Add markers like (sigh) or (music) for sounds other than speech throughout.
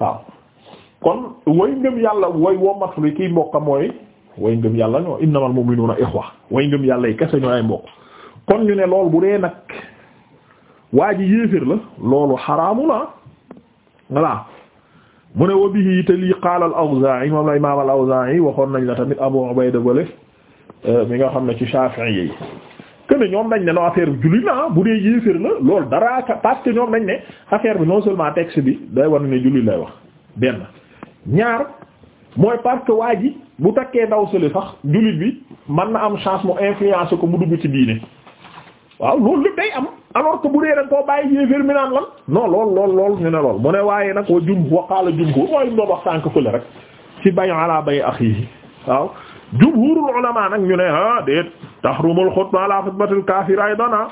waaw kon way ngëm yàlla way womatu li kiy mbokka mooy way ngëm yàlla ñoo innamal mu'minuna ikhwa way ngëm yàlla yi kese ñoo ay mbokk kon ñu ne loolu bu dee nag waa ji yéeféer la loolu xaraamu la voilà mu ne wa bihi te lii qaala al-Awzaa'i moom la imaam al-Awzaa'i waxoon nañ la tamit Abu Ubayda bale euh, mi nga xam ne ci Shaafi'i yi que ñoom nañ ne non affaire bi jullit la bu dee yéeféer la loolu dara parce que ñoom dañ ne affaire bi non seulement texte bi day war ne jullit lay wax benn ñaar mooy parce que waa ji bu takkee ndaw sële sax jullit bi man na am chance mu influencer ko mu dugg ci diine waaw loolu lépp day am alors que bu dee dañ koo bàyyi yéeféer mi naan lan non lool lool lool ñu ne lool mu ne waaye nag wa jum waqaala jumhur mooy doon wax sànk fële rek ci bañ ala bay axiihi waaw jumhurul ulama tahrumul xutba ala xutbatil kaafir aydan ah.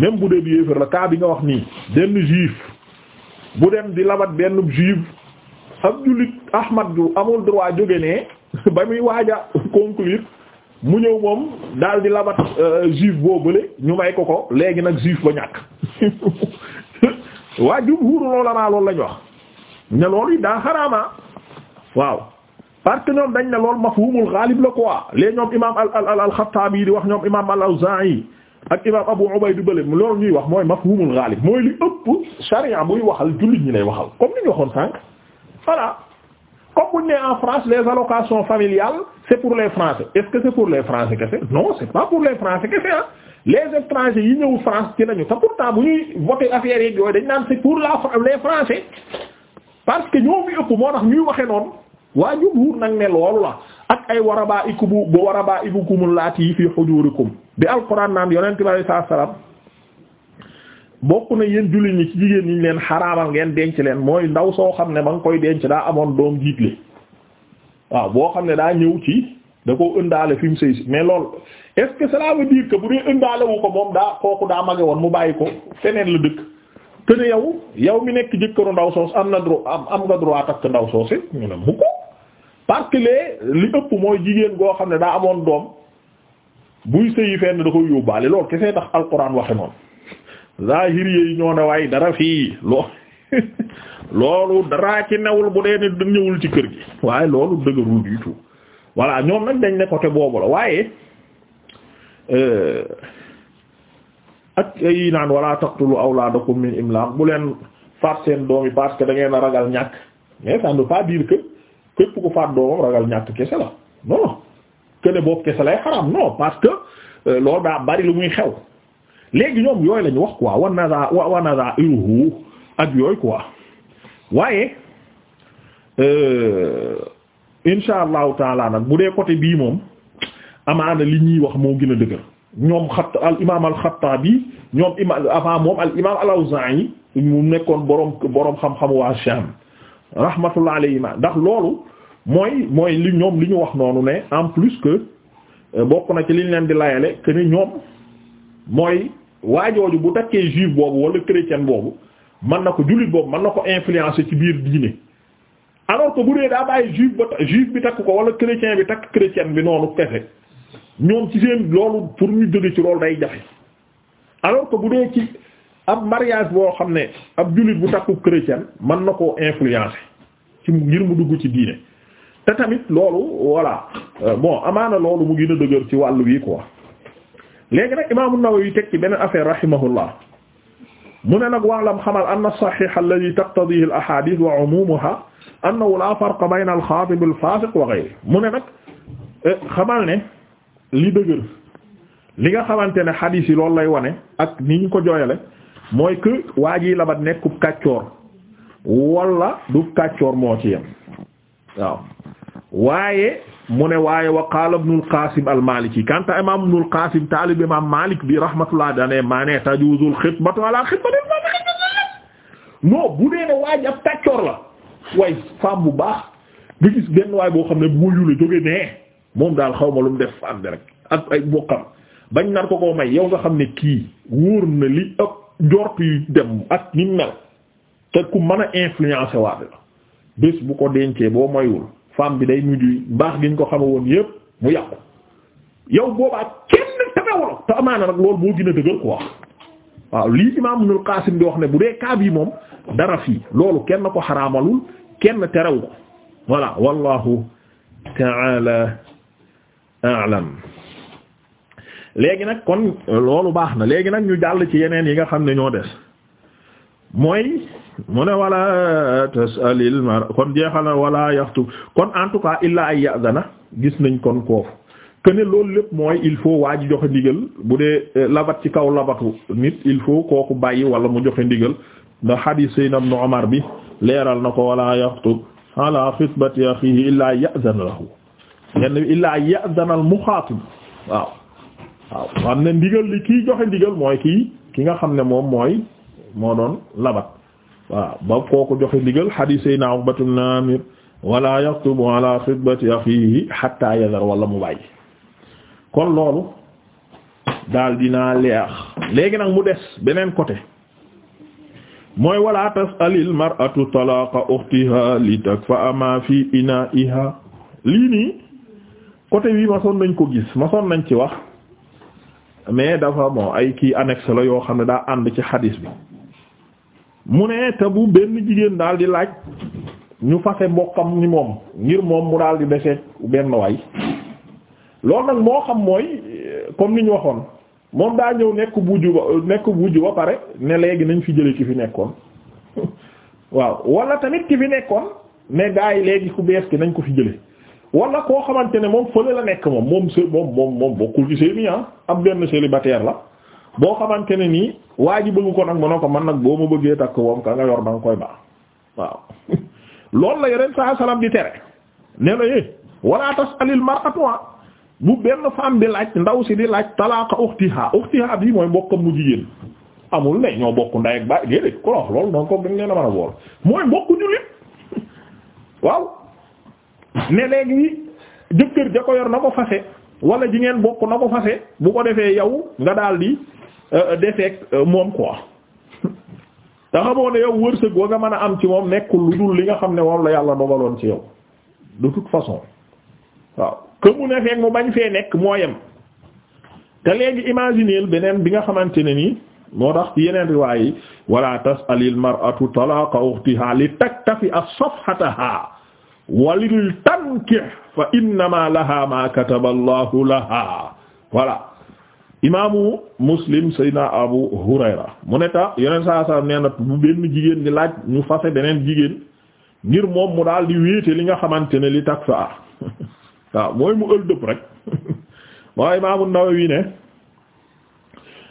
même bu dee bi yéefar la kaa bi nga wax nii benn juif bu dem di labat benn juif ab jullit ahmad ju amul droit jóge ne (laughs) ba muy waaja conclure mu ñëw moom daal di labat euh, juif boobule ñu may ko ko léegi nag juif ba ñàkk (laughs) waa jumhuur loola maa loolu lañ wax ne yi daa xaraama ah. waaw parce que ñoom dañ ne loolu mafhumul ghalib la quoi les ñoom imam al al al Khattabi di wax ñoom imam al Awza'i ak imam Abu Ubayd bële loolu ñuy wax mooy mafhumul ghalib mooy li ëpp sharia buy waxal jullit ñi lay waxal comme ñu waxoon sànq voilà comme buñ ne en France les allocations familiales c'est pour les Français est que c'est pour les Français kese non c'est pas pour les Français kese ah les étrangers yi ñëw France ci nañu te pourtant bu ñuy voter affaire yi yooyu dañ naan c'est pour la les Français parce que ñoo fi noonu waa jumhur nag ne loolu la ak ay warabaa ikubu bu warabaa ikukumul laati yi fii xujurikum bi alquran naan yonent bi alay salaam bokk na yéen jullit ñi ci jigéen ñi leen xaraamal ngeen denc leen mooy ndaw soo xam ne ba nga koy denc daa amoon doom jiitle waaw boo xam ne daa ñëw ci da ko ëndaale fi mu sëy si mais lool est-ce que cela veut dire bu dee ëndaale wu ko moom daa kooku daa mage woon mu bàyyi ko feneen la dëkk te ne yow yow mi nekk jëkkëru ndaw soos am na droit am nga droit takk ndaw parce que li ëpp mooy jigéen goo xam ne daa amoon doom buy sëyi fenn da koy yóbbaale loolu kese tax alquran waxe noonu zahiri yi ñoo ne waaye dara fii loo (laughs) loolu daraa ci newul bu dee ne ñëwul ci kër gi waaye loolu dëgërul du tout voilà ñoom nag dañ ne côté boobu la waaye euh, ak ay naan wala taqtulu awlaadakum min imlaaq bu leen faat seen doom yi parce que da ngeen a ragal ñàkk mais ça ne veut pas képp ku faat doomam ragal ñàkk kese la non kene boobu kese lay xaram non parce que euh, loolu daa bari lu muy xew léegi ñoom yooyu la wax quoi wa naza wa naza iruhu ak yooyu quoi waaye euh, insha allahu taala nag bu dee côté bii moom amaana li ñuy wax moo gën a dëgër ñoom xat al imaam al Xattaabi ñoom imaam avant moom al imaam al Awzaa'i mu nekkoon boroom boroom xam-xamu waa Shaam rahmatullah alayhima ndax loolu mooy mooy li ñoom li ñu wax noonu ne en plus que euh, bokk na ci li ñu leen di layale que ni ñoom mooy waajooju bu takkee juif boobu wala chrétien boobu mën na ko jullit boobu mën na ko influencer ci biir diine alors ko bu dee daa bàyyi juif ba juif bi takk ko wala chrétien bi takk chrétien bi noonu pexe ñoom ci seen loolu pour ñu jóge ci loolu day jafe alors que bu dee ci ab mariage boo xam ne ab jullit bu takku chrétien mën na koo influencer ci ngir mu dugg ci diine te tamit loolu voilà euh, bon amaana loolu mu gën a dëgër ci wàllu wi quoi léegi nag imaamu Nawawi teg ci beneen affaire rahimahullah mu ne nag waalam xamal anna as-sahih alladhi taqtadihi al-ahadith wa umumuha annahu la farqa bayna al-khatib al-fasiq wa ghayrihi mu ne nag euh, xamal ne li dëgër li nga xamante ne hadith yi loolu lay wone ak ni ñu ko jooyale mooy que waa ji labat nekkub kàccoor wala du kàccoor moo ci yem waaw waaye mu ne waaye wa qaala ibnul qasim al maliki kanta imam ibnul qasim taalib imam malik bi rahmatullah dane maa ne tajuzul xitbatu ala xitbatil mu'min non bu dee ne waa ji ab kàccoor la way femme bu baax nga gis benn waay boo xam ne muyu la jóge nee moom daal xaw ma lu mu def femme bi rek ak ay bokkam bañ nar ko koo may yow nga xam ne kii wóor na li ëpp njort yu dem ak ni mel te ku mën a influencer waat bés bu ko dencee boo moywul femme bi day mujj baax gi ñu ko xame woon yépp mu yàqu yow boobaa kenn tawewolo te amaana nag loolu moo gën a dëgër quoi waaw lii imaam Ibnul Qaasim di wax ne bu dee kaab yi moom dara fii loolu kenn ko xaraamalul kenn terew ko voilà wallahu ta'ala a'lam léegi nag kon euh, loolu baax na léegi nag ñu jàll ci yeneen yi nga xam ne ñoo des mooy mu ne wala euh, tasalil mar kon jeexal wala yaxtu kon en tout cas illa ay ya'dana gis nañ kon koofu que loolu lépp mooy il faut waa ji joxe ndigal bu dee euh, labat ci kaw labatu nit il faut kooku bàyyi wala mu joxe ndigal ndax hadith sayyidina ibn Umar bi leeral na ko wala yaxtub ala xitbati axihi ay ya'dana lahu yenn illaa ya'dana al muxaatib waaw waaw xam ne ndigal li kii joxe ndigal mooy kii ki nga xam ne moom mooy moo doon labat waaw ba kooku joxe ndigal hadith say na Uqbatu ibn Amir wala yaxtubu ala xitbati axiihi hatta yadar wala mu bàyyi kon loolu daal dinaa leex léegi nag mu des beneen côté mooy wala tasalil mar'atu talaqa ukhtiha li takfa ma fi ina'iha lii nii côté bi masoon nañ ko gis masoon nañ ci wax mais dafa bon ay kii annexe la yoo xam ne daa ànd ci xadis bi mu ne te bu benn jigéen daal di laaj ñu fase mbokkam ni moom ngir moom mu daal di deseeg benn waay loolu nag moo xam mooy comme ni ñu waxoon moom daa ñëw nekk buuju ba nekk buuju ba pare ne léegi nañ fi jële ki fi nekkoon (laughs) waaw wala tamit ki fi nekkoon ne gaa yi léegi ku bees ki nañ ko fi jële wala koo xamante ne moom fële la nekk moom moom se moom moom moom bokkul ci sëy mi ah am benn célibataire la boo xamante ne nii waa ji bëggu ko nag mu ne ko man nag boo ma bëggee takk moom ka nga yor da nga koy baax waaw (laughs) la yeneen saa salaam di tere nee na yee eh, wala tasalil mar'atu bu benn femme bi laaj ndaw si di laaj talaaka uxtiha uxtiha bi mooy mbokkam mu jigéen amul ne ñoo bokk ndey ak baay déedéet ku la wax loolu ko gën leen a mën a bool mooy (laughs) ne léegi jëkkër ja ko yor na ko fase wala ji ngeen bokk na ko fase bu ko defee yow nga daal di euh, defeek euh, moom quoi (laughs) te xamoo ne yow wërsëg wa nga mën a am ci moom nekkul lu dul li nga xam ne moom la yàlla dogaloon ci yow de toute façon waaw que ne feek mu bañ fee nekk moo yem te léegi imaginer beneen bi nga xamante ne nii moo tax ci yeneen riwaay yi wala tas'alil mar'atu talaqa ukhtiha li taktafi as-safhataha walil tankih fa innama laha ma kataba allahu laha voilà imaamu muslim saydna abu hurayra mu ne ta yeneen saa saa bu benn jigéen di laaj ñu fase beneen jigéen ngir moom mu daal di wéete li nga xamante ne li tag sa (laughs) waaw mooy mu ël rek (laughs) waaw imaamu nawawi ne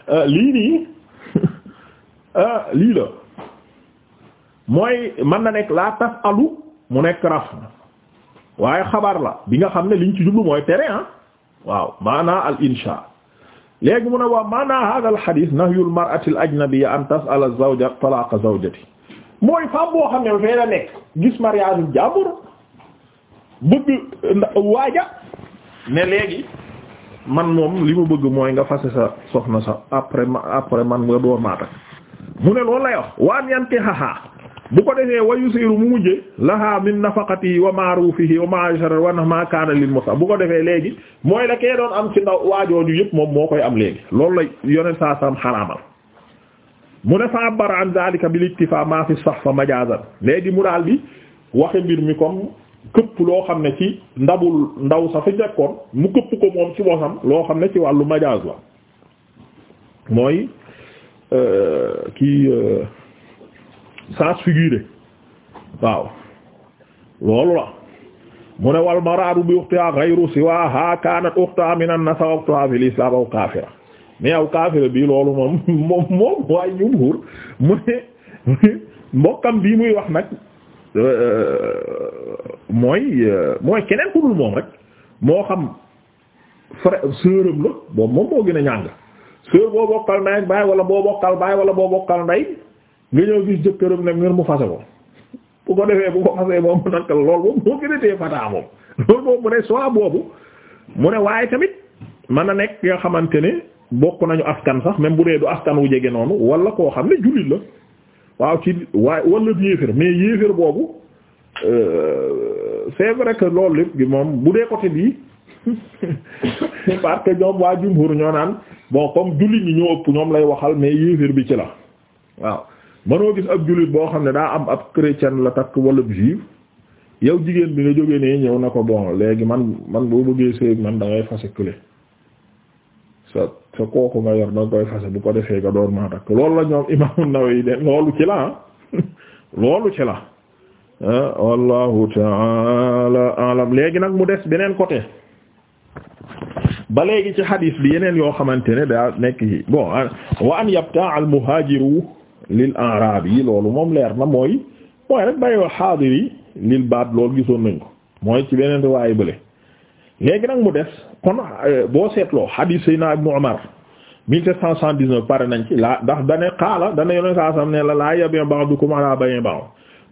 euh, lii nii (laughs) euh, lii la mooy mën na nekk laa tas alu mu nekk raf waaye xabar la bi nga xam ne liñ ci jublu mooy tere ah waaw maanaa al insha léegi mu ne waaw maanaa hada al hadith nahyu al mar'ati al ajnabiyya an tas'ala al zawja talaqa zawjati mooy femme boo xam ne fee la nekk gis mariage jàmbur bëgg waaja ne léegi man moom li mu bëgg mooy nga fase sa soxna sa après après man nga door maa takk mu ne loolu lay wax waan yanti haha bu ko defee wa yusiru mu mujje laha min nafaqatihi wa ma'rufihi wa ma'ashara wa ma kana lil musa bu ko defee léegi mooy la kee doon am ci ndaw waajooju yëpp moom moo koy am léegi loolu la yonent saa sam xaraamal mu ne fa abbara an zalika bil iktifa ma fi sahfa majazan léegi mu daal bi waxe mbir mi comme këpp loo xam ne ci ndabul ndaw sa fa njëkkoon mu këpp ko moom ci bosam loo xam ne ci wàllu majaz la mooy euh, kii euh, sens figuré waaw loolu la mu ne wal maraadu bi uxtiha ghayru siwaha kanat uxtaha min an-nasa wa uxtaha fil islam aw kafira mais aw kafira bi loolu moom moom moom waaye jumhur mu ne mbokkam bii muy wax nag euh, mooy euh, mooy keneen ku dul moom rek moo xam frère sœuram la boobu moom moo gën a ñàng sœur boo bokkal ndey baay wala boo bokkal baay wala boo bokkal ndey nga ñëw gis jëkkëram ne ngir mu fase ko bu ko defee bu ko fasee moom mu nakkal lool moom moo gën a tee fataa moom loolu moom mu ne soit boobu mu ne waaye tamit mën a nekk nga xamante ne bokk nañu askan sax même bu dee du askan wu jege noonu wala koo xam ne jullit la waaw ci waaye wala yéefér mais yéefér boobu euh, c'est vrai que loolu lépp gi moom bu dee côté bii (laughs) parce que ñoo naan bon comme jullit ñi ñoo ëpp ñoom lay waxal mais yéefér bi ci la manoo gis ab jullit boo xam ne daa am ab chrétien la takk wala juif yow jigéen bi nga jógee ne ñëw na ko bon léegi man man boo bëggee sëy man da ngay fase kële sa sa kooku nga yor da nga koy fase bu ko defee nga door maa takk loolu la ñoom (laughs) imaamu Nawawi de loolu ci la ah. (laughs) loolu ci la ah, wallahu taala alam léegi nag mu des beneen côté ba léegi ci hadis bi yeneen yoo xamante ne daa nekk ci bon wa an yabta al muhajiru lil araab yi loolu moom leer na mooy mooy rek bàyyiwa xaadir yi lil baat loolu gisoon nañ ko mooy ci beneen riwaayu bële léegi nag mu des kon euh, boo seetloo hadith sayna ibnu Umar 1779 pare nañ ci laa ndax dane xaala dane yoneen saa sam ne la laa yabi ba'dukum ala bay'i ba'd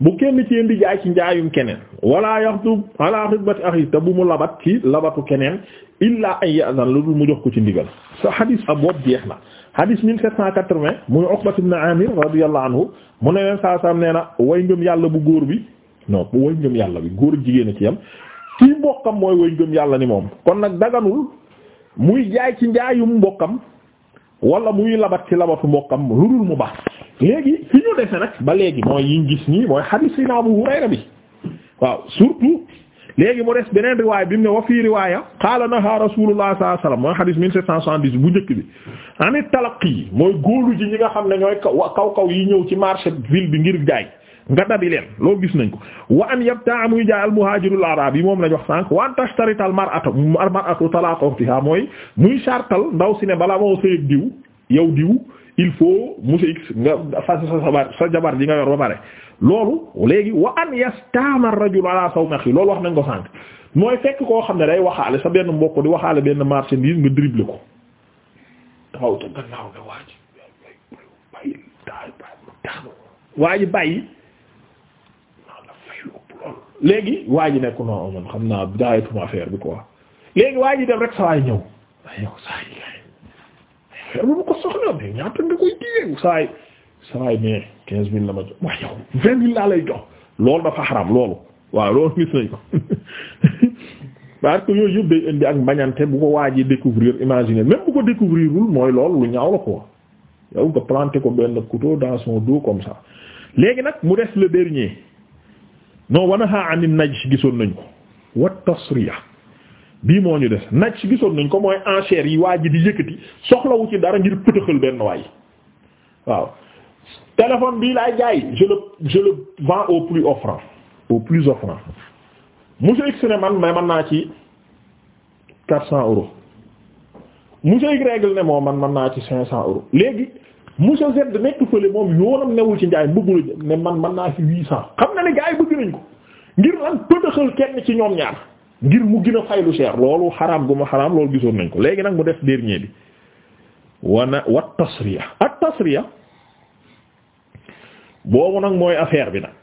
bu kenn ci yéen di jaay ci njaayum keneen wala yaxtub ala xitbati axi te bu mu labat ci labatu keneen illa ay ya'zan lu dul mu jox ko ci ndigal sa hadith ab boobu jeex na hadis 1780 muy Uqbat ibn Amir radiyallahu anhu mu ne leen saa saam nee na way ngëm yàlla bu góor bi non way ngëm yàlla bi góor jigéen a ci yam ci mbokkam mooy way ngëm yàlla ni moom kon nag daganul muy jaay ci njaayum mbokkam wala muy labat ci labatu mbokkam lu dul mu baax léegi fi ñu defe nag ba léegi mooy yiñ gis nii mooy hadis yi na Abu Hurayra bi waaw surtout léegi mu des beneen riwaay bi mu ne wa fii riwaaya qaala naha rasulullah sallallahu alayhi wasallam mooy xadis 1770 bu njëkk bi ani talaqi mooy góolu ji ñi nga xam ne ñooy kaw kaw yi ñëw ci marché ville bi ngir jaay nga dabi leen loo gis nañ ko wa an yabtaa muy jaay al muhajirul yi moom lañ wax sànq wa an tashtarita al mar'atu al mar'atu talaqa ukhtiha mooy muy sartal ndaw si ne bala moo sëy diw yow diw il faut monsieur X nga sa sa jabar ji nga yor ba pare loolu léegi wa an yastama ar-rajulu ala sawmihi loolu wax nañ ko sànq mooy fekk koo xam ne day waxaale sa benn mbokk di waxaale benn marchandise nga dribble ko taxaw te gannaaw waa ji bàyyi léegi waa ji nekk non xam naa daayatuma affaire bi quoi léegi waa ji dem rek sa waay ñëw xeer bu ma ko soxla mais ñaata nga koy diyeewu saa yi saa yi mais quinze mille la ma jox waaye yow vingt mille laa lay jox loolu dafa xaram loolu waaw loolu gis nañ ko (laughs) parce que yooyu yëpp day indi ak mbañante bu ko waajee découvrir imaginer même bu ko découvrirul mooy loolu lu ñaaw la ko yow nga planter ko benn couteau dans son dos comme ça léegi nag mu des le dernier non wanaha anin najsh gisoon nañ ko wa tasriya bii moo ñu des naj si gisoon nañ ko mooy enchère yi waa ji di yëkkati soxlawu ci dara ngir pëtëxal benn waay waaw téléphone bii laay jaay je le je le vends au plus offrant au plus offrant monsieur X ne man ma man naa ci quatre cents euros monsieur Y règle ne moom man man naa ci cinq cents euros léegi monsieur Z nekk fële moom yoonam newul ci njaay bëggul ne man man naa ci huit cents xam na ne gars bëgg nañ ko ngir lan pëtëxal kenn ci ñoom ñaar ngir mu gën a fay lu cher loolu xaraam gu ma xaraam loolu gisoon nañ ko léegi nag mu def dernier bi wana wat tasriya ak boobu nag mooy affaire bi nag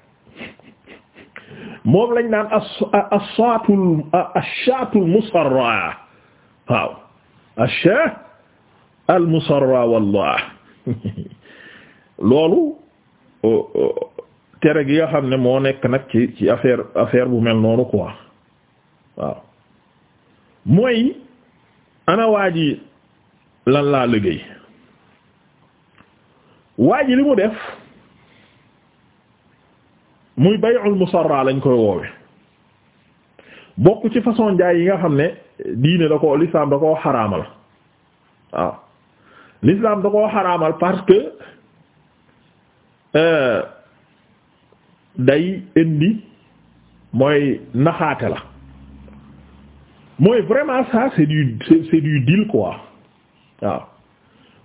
moom lañ naan as-saatul ash-shaatul musarra waaw ash al-musarra wallah (laughs) loolu tere gi nga xam ne moo nekk nag ci ci affaire affaire bu mel noonu quoi waaw mooy ana waa ji lan laa liggéey waa ji li mu def muy bay'ul musarra lañ koy woowe bokk ci façon jaay yi nga xam ne diine da ko l'islam da koo xaraamal waaw l'islam da koo xaraamal parce que euh, day indi mooy naxaate la mooy vraiment ça c'est du c'est, c'est du deal quoi waaw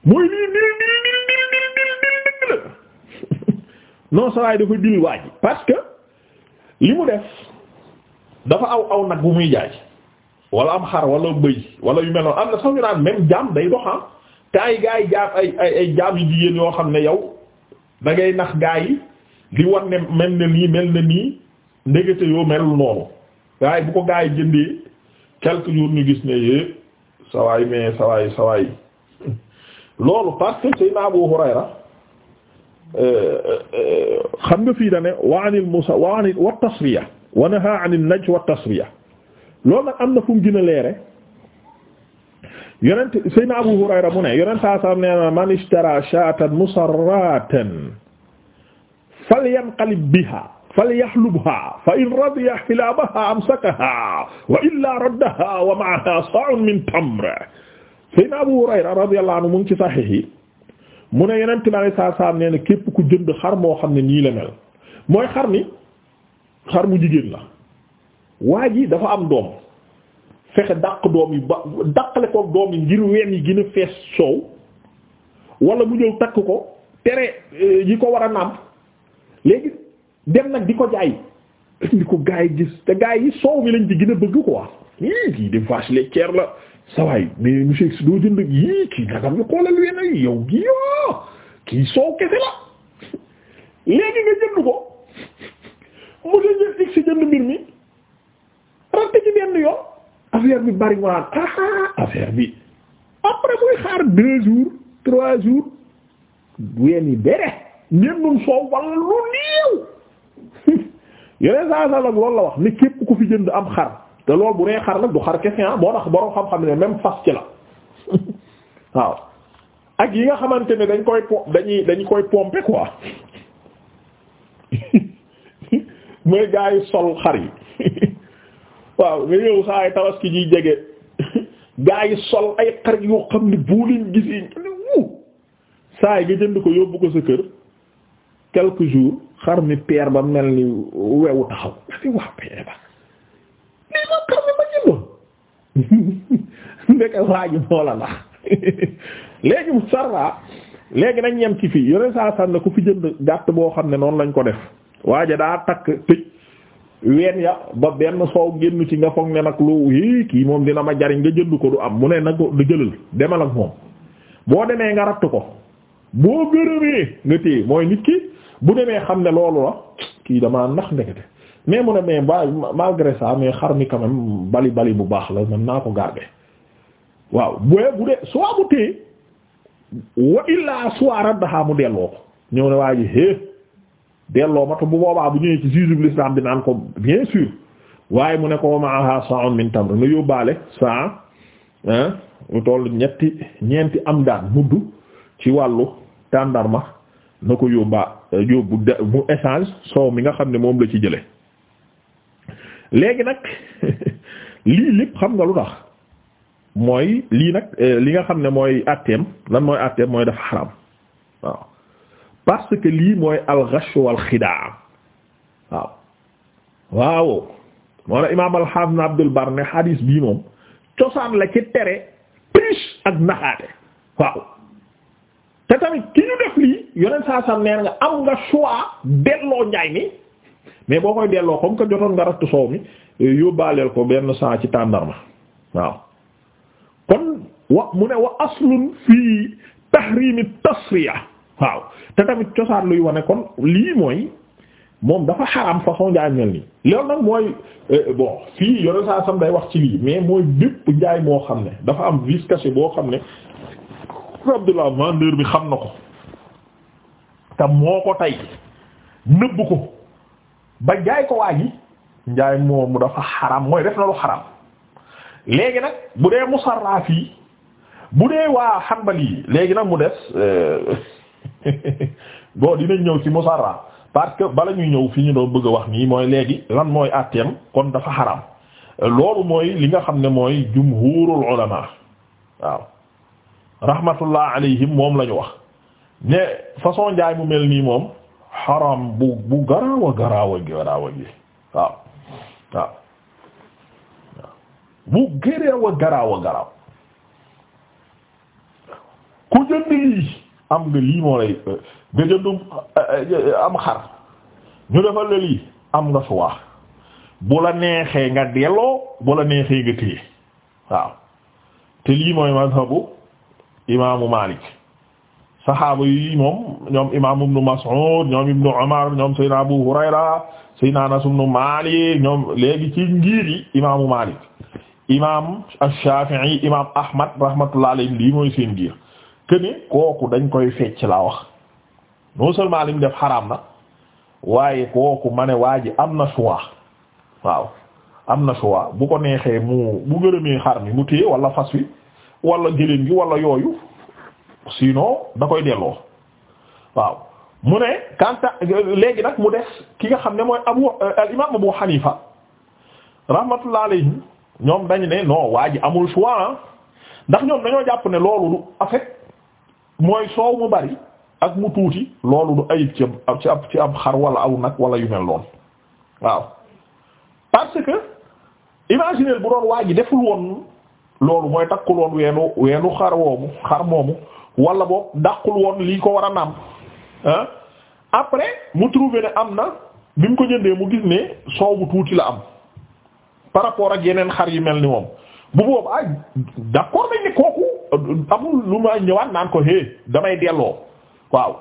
mooy lii dil dil dil dil dil dil non sa waay dafa dil waaj parce que li mu def dafa aw aw nag bu muy jaay wala am xar wala bëy wala yu mel noonu am na sax naan même jaam day doxam ah. te ay gaa jaam ay ay ay jaam yu jigéen yoo xam ne yow da nax gaa yi di war ne mel na nii mel na nii ndegete yoo melul noonu gaa bu ko gaa jëndee quelques jours ñu gis ne yéeg sawaay mais sawaay sawaay loolu parce que Seydina Abu Hurayra xam nga fii da ne wa anil musa wa anil wa tasriya wa naha anil najw wa tasriya loolu nag am na fu mu gën a leere yonent Seydina Abu Hurayra mu ne yonent saa saa nee na man ishtara shaatan musarratan falyanqalib biha falyahlubha fa in radiya hilaabaha amsakaha wa illa wa ma'aha sa'un min tamr sayna Abu Hurayra radiyallahu anhu mu ngi ci saxiix yi mu ne yeneen timare saa saa nee képp ku jënd xar moo xam ne nii la mooy xar mi xar mu jigéen la waa ji dafa am doom fexe dàq doom yi ba dàqale ko doom yi ngir ween yi gën a fees soow wala mu jël takk ko tere eh, yi ko war a nàmp léegi dem nag di ko jaay gis te gaa yi soow mi lañ ci gën a bëgg quoi yii kii de vache laitière la sawaay mais monsieur si doo jënd yii kii nagam ñu xoolal wena yow gi yo kii soow kese la léegi nga jënd ko monsieur jël ig si jënd mbir mi ratte ci benn yoon affaire bi bari mu ah, ah, ah, bi après muy xaar deux jours trois jours ween yi bere ñennum soow wala lu néew (laughs) yeneen saa sallam loolu la wax ni képp ku fi jënd am xar te loolu bu nee xar nag du xar kese boo ah tax borom xam-xam ne même fas ci la (laughs) waaw ak yi nga xamante ne dañ koy po dañuy dañ koy pomper quoi (laughs) mooy gaa yi sol xar yi waaw nga ñëw saa ay tabaski ji jege gaa yi sol ay xar yoo xam ne bu leen gisee saa yi nga jënd ko yóbbu ko sa kër quelques jours. xar mi peer ba mel ni wewu taxaw dafi waa la nax léegi mu sarra léegi nañ fii yore ku fi jënd gàtt boo xam ne noonu lañ ko def waaja daa takk tëj ween ya ba benn soow génn ci nga foog ne nag lu hi kii moom dina ma jariñ nga jënd ko du am mu ne nag du jëlal demal ak moom boo demee nga ratt ko boo gërëmee nga téye mooy nit ki bu demee xam ne loolu la kii damaa nax ndekete mais mu ne mais malgré ça mais xar mi quand bali bali bu baax la man naa ko garder waaw bu bu dee soit bu téye wa illaa soit raddaha mu delloo ko ñëw ne waa ji hé delloo ma te bu boobaa bu ñëwee ci juge bi l'islam bi naan ko bien sûr waaye mu ne ko maaha sa'un min tamr nu yóbbaale saa lu ah, toll ñetti ñeenti am daan mudd ci wàllu tàndarma na ko yóbbaa yóbbu de mu échange soow mi nga xam ne moom la ci jële léegi nag (laughs) lii lépp xam nga lu tax mooy lii nag eh, li nga xam ne mooy àtteem lan mooy àtteem mooy dafa xaram waaw parce que lii mooy al-ghash wal xidaa waaw waaw moo ne imaam al-hafiz Abdul Bar ne xadiis bii moom cosaan la ci tere triche ak naxaate waaw te tamit ki ñu def lii yoneen saa sam neer nga am nga choix delloo njaay mi mais boo koy delloo comme que jotoon nga ratt soow mi yóbbaaleel ko benn saa ci tàndarma waaw kon wa mu ne wa aslun fii tahrimi tasriya waaw te tamit cosaan luy wane kon lii mooy moom dafa xaram façon njaay mel nii loolu nag mooy eh, bon fii yoneen saa sam day wax ci lii mais mooy bépp njaay moo xam ne dafa am vice caché boo xam ne Abdullah vendeur bi xam na ko te moo ko tey nëbb ko ba jaay ko waa ji njaay moomu dafa xaram mooy def na lu xaram léegi nag bu dee musarraf fii bu dee waa xanbal yi léegi nag mu des euh, (laughs) bon dinañ ñëw ci musarraf parce que bala ñuy ñëw fi ñu doon bëgg a wax nii mooy léegi lan mooy atteem kon dafa xaram loolu mooy li nga xam ne mooy jumhurul ulama waaw rahmatullah alayhim moom la ñu wax ne façon njaay mu mel nii moom xaram bu bu garaaw a garaaw a garaaw a gi waaw waaw bu gëreew a garaaw a garaaw ku jënd lii am nga lii moo euh, nga jëndum euh, am xar ñu defal la am nga suwaa bu la neexee nga delloo bu la neexee nga téye waaw te lii mooy mazhabu imaamu Malik saxaaba yi moom ñoom imaam ibnu Mas'ud ñoom ibnu Umar ñoom Seydina Abu Hurayra Seydina Anas ibnu Malik ñoom léegi ci ngir yi imaamu Malik imaam Shafi'i imaam Ahmad rahmatullahi alayhi lii mooy seen ngir këne kooku dañ koy fecc laa wax non seulement li def xaraam na waaye kooku ma ne waa am na choix waaw am na choix bu ko neexee mu bu gërëmee xar mi mu téye wala fas wi wala gëléem gi walla yooyu sinon da koy delloo waaw mu ne kanta léegi nag mu des ki nga xam ne mooy abu euh, al imam abu hanifa rahmatullah alayhi ñoom dañ ne non waa ji amul choix ah. ndax ñoom dañoo jàpp ne loolu du en mooy soow mu bari ak mu tuuti loolu du ayib ci ab ci ab ab xar wala aw nag wala yu mel noonu waaw parce que imaginez bu doon waa deful woon loolu mooy takkul woon weenu weenu xar woomu xar moomu walla boobu dàqul woon lii ko war a naam après mu trouvé ne am na bi mu ko jëndee mu gis ne soow bu tuuti la am par rapport ak yeneen xar yu mel ni moom bu boobu ah d'accord nañ ne kooku euh, amul lu ma ñëwaat naan ko hé damay delloo waaw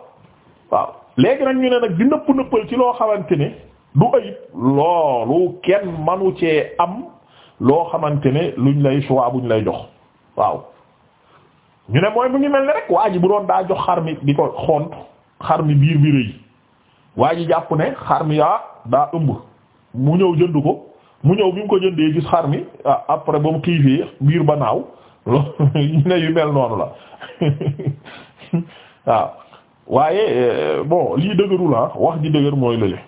waaw léegi nag ñu ne nag di nëpp nëppal ci loo xamante ne du ayib loolu kenn manu cee am loo xamante ne luñ lay choix buñ lay jox waaw ñu ne mooy mu ngi mel ni rek waa ji bu doon daa jox xar mi di ko xont xar mi biir bi rëy waa ji jàpp ne xar mi ah mu ñëw jënd ko mu ñëw bi ko jëndee gis mi après ba mu kii xiifee biir ba naaw ñu (laughs) ne yu mel noonu la (laughs) waaw waaye euh, bon lii dëgëru la ah, wax ji dëgër mooy lële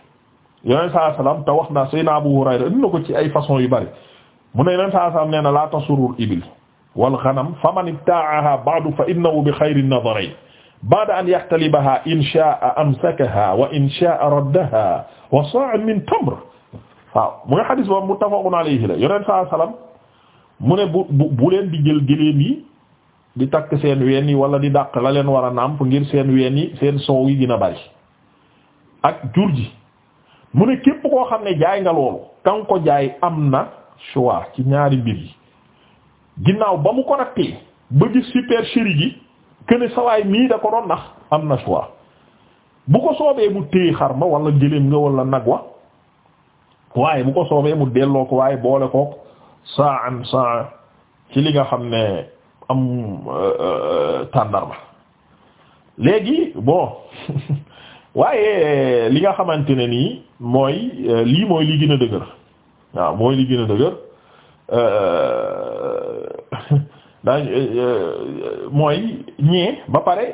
yoneen saa salaam te wax naa Seydina Abu Hurayra indi na ko ci ay façon yu bari mu ne leen saa saam na laa tasurul ibil wal ghanam faman ibta'aha ba'du fa innahu bi xayri an yahtalibaha in sha'a amsakaha wa in sha'a raddaha wa sa'an min mu nga xadis boobu muttafaqun alayhi mu ne bu bu bu di yi takk seen ween wala di dàq la leen war a nàmp ngir seen ween yi seen soow yi dina ak jur mu ne képp koo xam ne jaay nga loolu kan ko jaay am na choix ci ñaari mbir yi ginnaaw ba mu ko nattee ba gis supercherie gi këne sawaay mii da ko doon nax am na choix bu ko soobee mu téye xar ma wala gëléem nga wala nag wa waaye bu ko soobee mu delloo ko waaye boole kook saa an ci li nga xam ne am euh, tàndarma léegi bon (laughs) waaye li nga xamante ne nii mooy euh, lii mooy li gën a dëgër waaw mooy li gën a dëgër euh, (laughs) euh, euh, mooy ñee ba pare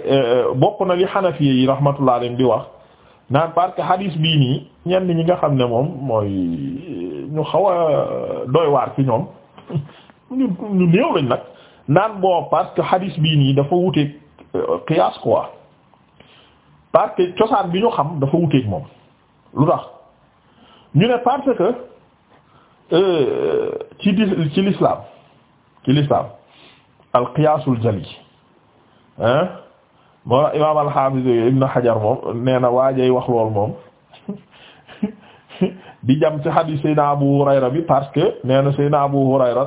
bokk na li xanafi yi rahmatullah alayhim di wax naan parce que hadis bii nii ñenn ñi nga xam ne moom mooy ñu xaw a doy waar ñoom (laughs) ñu ñu lañ nag naan bon parce que hadis bii nii dafa wuteeg qiyaas quoi parce cosaan bi ñu xam dafa wuteeg moom lu tax ñu ne parce que. Euh, ci di ci l'islam ci l'islam al qiyaasul jali hein moo imaam al xaafiz ibn xajar moom nee na wax lool moom (laughs) di jam ci xadiis Seydina Abu Hurayra bi parce que nee na Seydina Abu Hurayra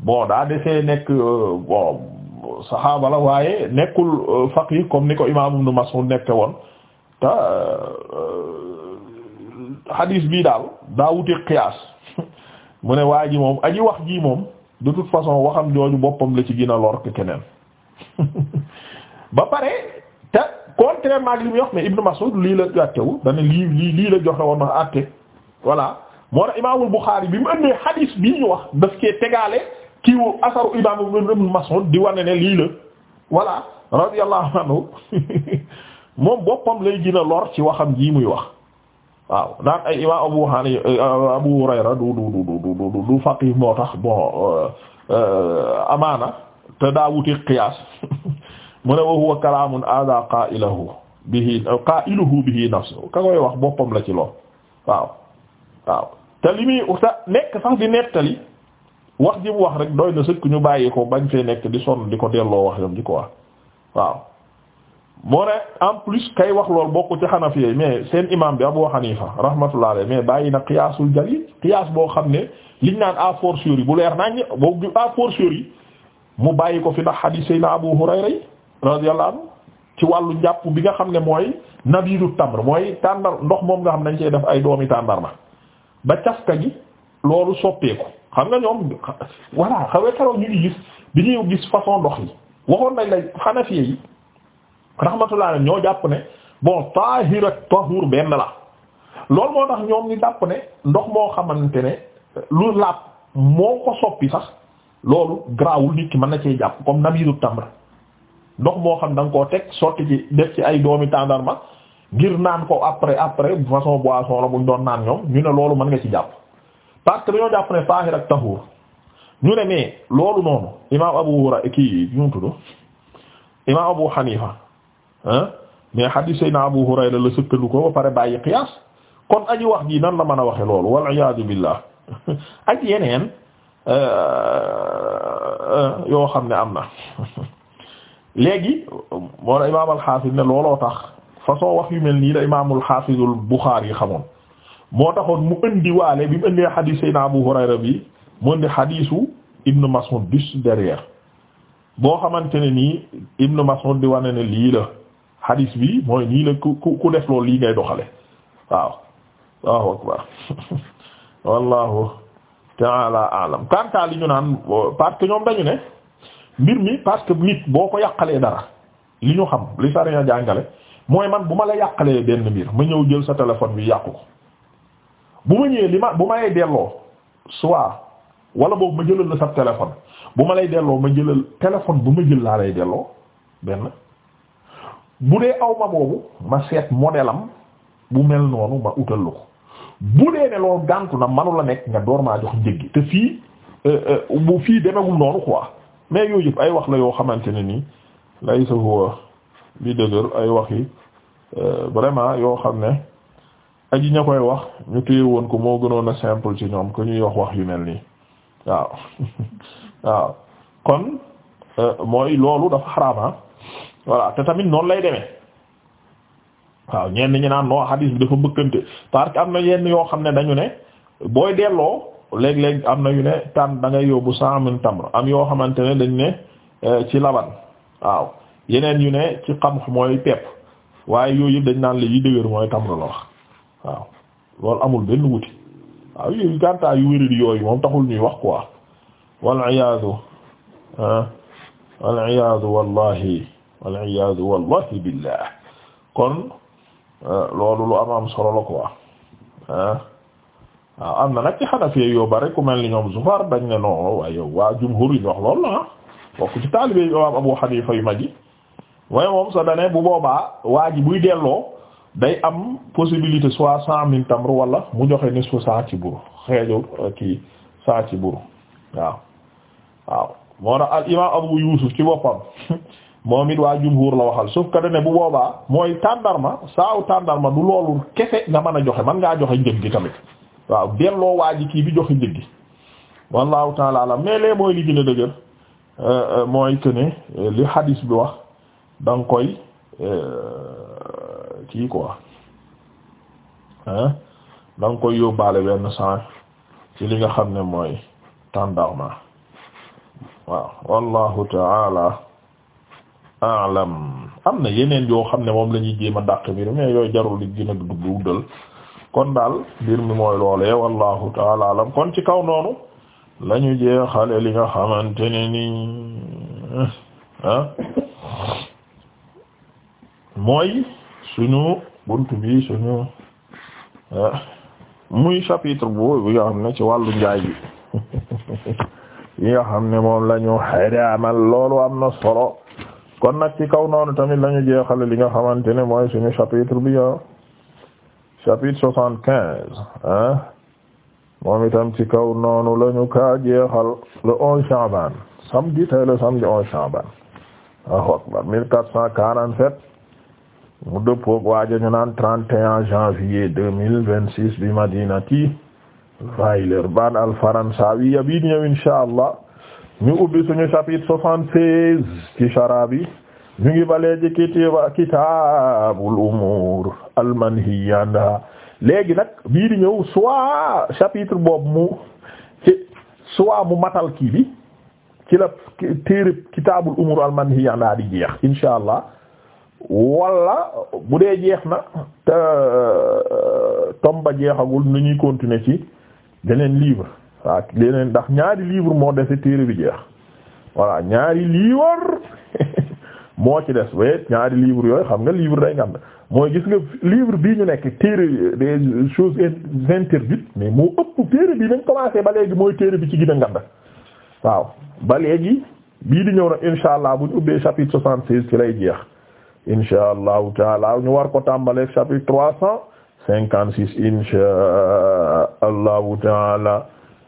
bon daa defee nekk euh, bon saxaaba la waaye nekkul euh, faqih comme ni ko imaam Ibn Mas'ud nekke woon te xadiis bii daal daa wute qiyaas mu ne waa ji moom aji wax ji moom de toute façon waxam jooju boppam la ci gën a lor que keneen (laughs) ba pare te contrairement ak li muy wax mais Ibn Mas'ud lii la jàttewu dana lii lii lii la joxe woon na àtte voilà moo tax Imaamul Buxaari bi mu ëndee xadiis bii ñu wax daf cee tegaale kiiwu asaru Imaam Ibn Mas'ud di wane ne lii la voilà radiyallahu anhu (laughs) moom boppam lay gën lor ci waxam ji muy wax waaw naan ay imaam Abu Hanifa Abu Hurayra du du du du faqih moo tax bon euh, amaana te daa wuti qiyaas (laughs) mu ne wa huwa kalaamun aada qaa'iluhu bihi qaa'iluhu bihi nafsuhu ka koy wax boppam la ci lool waaw waaw te li muy ta nekk sax di nettali wax ji mu wax rek doy na sëkk ñu bàyyi ko bañ fee nekk di sonn di ko delloo wax yam di ko wax waaw moo ne en plus kay wax lool bokk ci xanafi yi mais seen imam bi Abu Hanifa rahmatullah alayhi mais bàyyi na qiyaasul jalil qiyaas boo xam ne liñ naan a fortiori bu leer nañ boobu a mu bàyyi ko fi ndax hadith sayna Abu Hurayra yi radiyallahu anhu ci wàllu njàpp bi nga xam ne mooy nabidu tamr mooy tàndar ndox moom nga xam ne dañ cey def ay doomi tàndarma ba cafka gi loolu soppeeku xam nga ñoom voilà xawee keroog ñu ngi gis bi ñuy gis façon ndox yi waxoon nañ la xanafi rahmatullah ñoo jàpp ne bon taahir ak tahur benn la loolu moo tax ñoom ñu jàpp ne ndox moo xamante ne lu laab moo ko soppi sax loolu garaawul nit ki mën na cee jàpp comme nabidu tamr ndox moo xam da nga koo teg sotti ci def ci ay doomi tàndarma ngir naan ko après après façon boisson la buñ doon naan ñoom ñu ne loolu mën nga ci jàpp parce que dañoo jàpp ne taahir ak tahur ñu ne mais loolu noonu imaam Abu Hurayra kii ñu tudd imaam Abu Hanifa mais hadith sayna Abu Hurayra la sëkkalu ko ba pare bàyyi qiyaas kon aji wax ji nan la mën a waxe loolu wal iyaadu billah (laughs) ak yeneen euh, yoo xam ne am na (laughs) léegi moo la imaam al ne looloo tax façon wax yu mel nii la imaamul xaafizul Buxaari yi xamoon moo taxoon mu indi waale bi mu indee xadiis Abu Hurayra bi mu indi xadiisu Ibn Mas'ud boo xamante ne nii Ibn Mas'ud di wane ne lii la hadis bi mooy nii la ku ku def loolu lii ngay doxale waaw Allahu akbar (laughs) wallahu ta'ala alam kanta li ñu naan parce que ñoom dañu ne mbir mi parce que nit boo ko yàqalee dara li ñu xam li sariya jàngale mooy man bu ma la yàqalee benn mbir ma ñëw jël sa téléphone bi yàqu ko bu ma ñëwee li ma bu ma lay delloo soit wala boobu ma jëlal la sa téléphone bu ma lay delloo ma jëlal téléphone bu ma jël laa lay delloo benn bu dee aw ma boobu ma seet modèle am bu mel noonu ma utal lu ko bu dee ne gàntu na manu la nekk nga door maa jox njëggi te fii euh, euh, bu fii demewul noonu quoi mais yooyu yëpp ay wax la yoo xamante ne nii lay sa huwa li dëgër ay wax yi euh, vraiment yoo xam ne aji ña koy wax ñu téye woon ko moo gënoon a simple ci ñoom que ñuy wax wax yu mel nii waaw (laughs) waaw kon mooy loolu dafa xaraama ah. voilà te tamit noonu lay demee waaw ñenn ñi naan noo xadiis bi dafa bëkkante parce que am na yenn yoo xam ne dañu ne booy delloo léeg-léeg am na yu ne tànn dangay ngay yóbbu cent mille am yoo xamante ne dañ ne euh, ci laban waaw yeneen yu ne ci xam mooy pepp waaye yooyu dañ naan la yi dëgër mooy tamr la wax waaw loolu amul benn wuti waaw yooyu gàntaa yu wéridi yooyu moom taxul ñuy wax quoi wal iyaadu wal iyaadu wallahi wal iyaadu wallahi billah kon eh, loolu lu am am solo la ko ah eh. waaw am na nag ci xanafiye yoo bare ku mel ni ñoom Zufar dañ ne non waaye waa jumhur yi wax loolu la ah. bokk ci taalibe imaam Abu Hanifa yu mag yi waaye moom sa dane bu boobaa waa ji buy delloo day am possibilité soit cent mille tamr wala mu joxe nisfu saa ci buru xeejul eh, kii saa ci buru waaw waaw moo tax al imaam Abu Yuusuf ci boppam (laughs) moom it waa jumhur la waxal sauf que dane bu boobaa mooy tàndarma saaw tàndarma du loolu kese nga mën a joxe man ngaa joxe njëg gi tamit waaw delloo waa ji kii bi joxe njëg gi wallahu taala alam mais lee mooy li gën a dëgër euh, euh, mooy que euh, li hadis bi wax da koy kii quoi ah da koy yóbbaale benn sang ci li nga xam ne mooy tàndarma waaw wallahu taala alam am na yeneen yoo xam ne moom lañuy ñuy jéem a dàq mbir mais yooyu jarul di gën a dugg wuddal kon daal mbir mi mooy loolee wallahu taala alam kon ci kaw noonu la ñu jeexale li nga xamante ne ni ah, mooy suñu bunt bi suñu ah, muy chapitre bu bi nga xam ne ci wàllu njaay bi (laughs) yi nga xam ne moom la ñu xaraamal loolu am na solo kon nag ci kaw noonu tamit la ñu jeexale li nga xamante ne mooy suñu chapitre bi ya ah. chapitre soixante quinze ah moom itam ci kaw noonu la ñu kaa jeexal le onze Chaban samedi tey le samedi onze Chaban Allahu akbar mille quatre cent quarante-sept mu dëppoog waaja ñu naan trente et un janvier deux mille vingt-six bi Madinati Villeurbanne al-Faransawiya bi ñëw inshallah ñu ubbi suñu chapitre soixante-seize ci chara bi ñu ngi balee ji kitaabul umuur al léegi nag biir ñëw soit chapitre boobu mu ci soit mu matal kii bi ci la téere kitaabul umuur al manhiyyi anhaa di jeex insha allah wala bu dee jeex na te euh, tomba jeexagul nu ñuy continuer ci beneen livre waaw leneen ndax ñaari livre moo dese téere bi jeex voilà ñaari livre (laughs) moo ci des wéet ñaari livre yooyu xam nga livre day nga mooy gis nga livre bii ñu nekk téere des choses interdites mais moo ëpp téere bii nañ commencé ba léegi mooy téere bi ci gën a waaw ba léegi bii di ñëw nag insha allah bu ñu ubbee chapitre soixante seize ci lay jeex insha allahu taala ñu war ko tàmbalee chapitre trois cent cinquante six insha allahu taala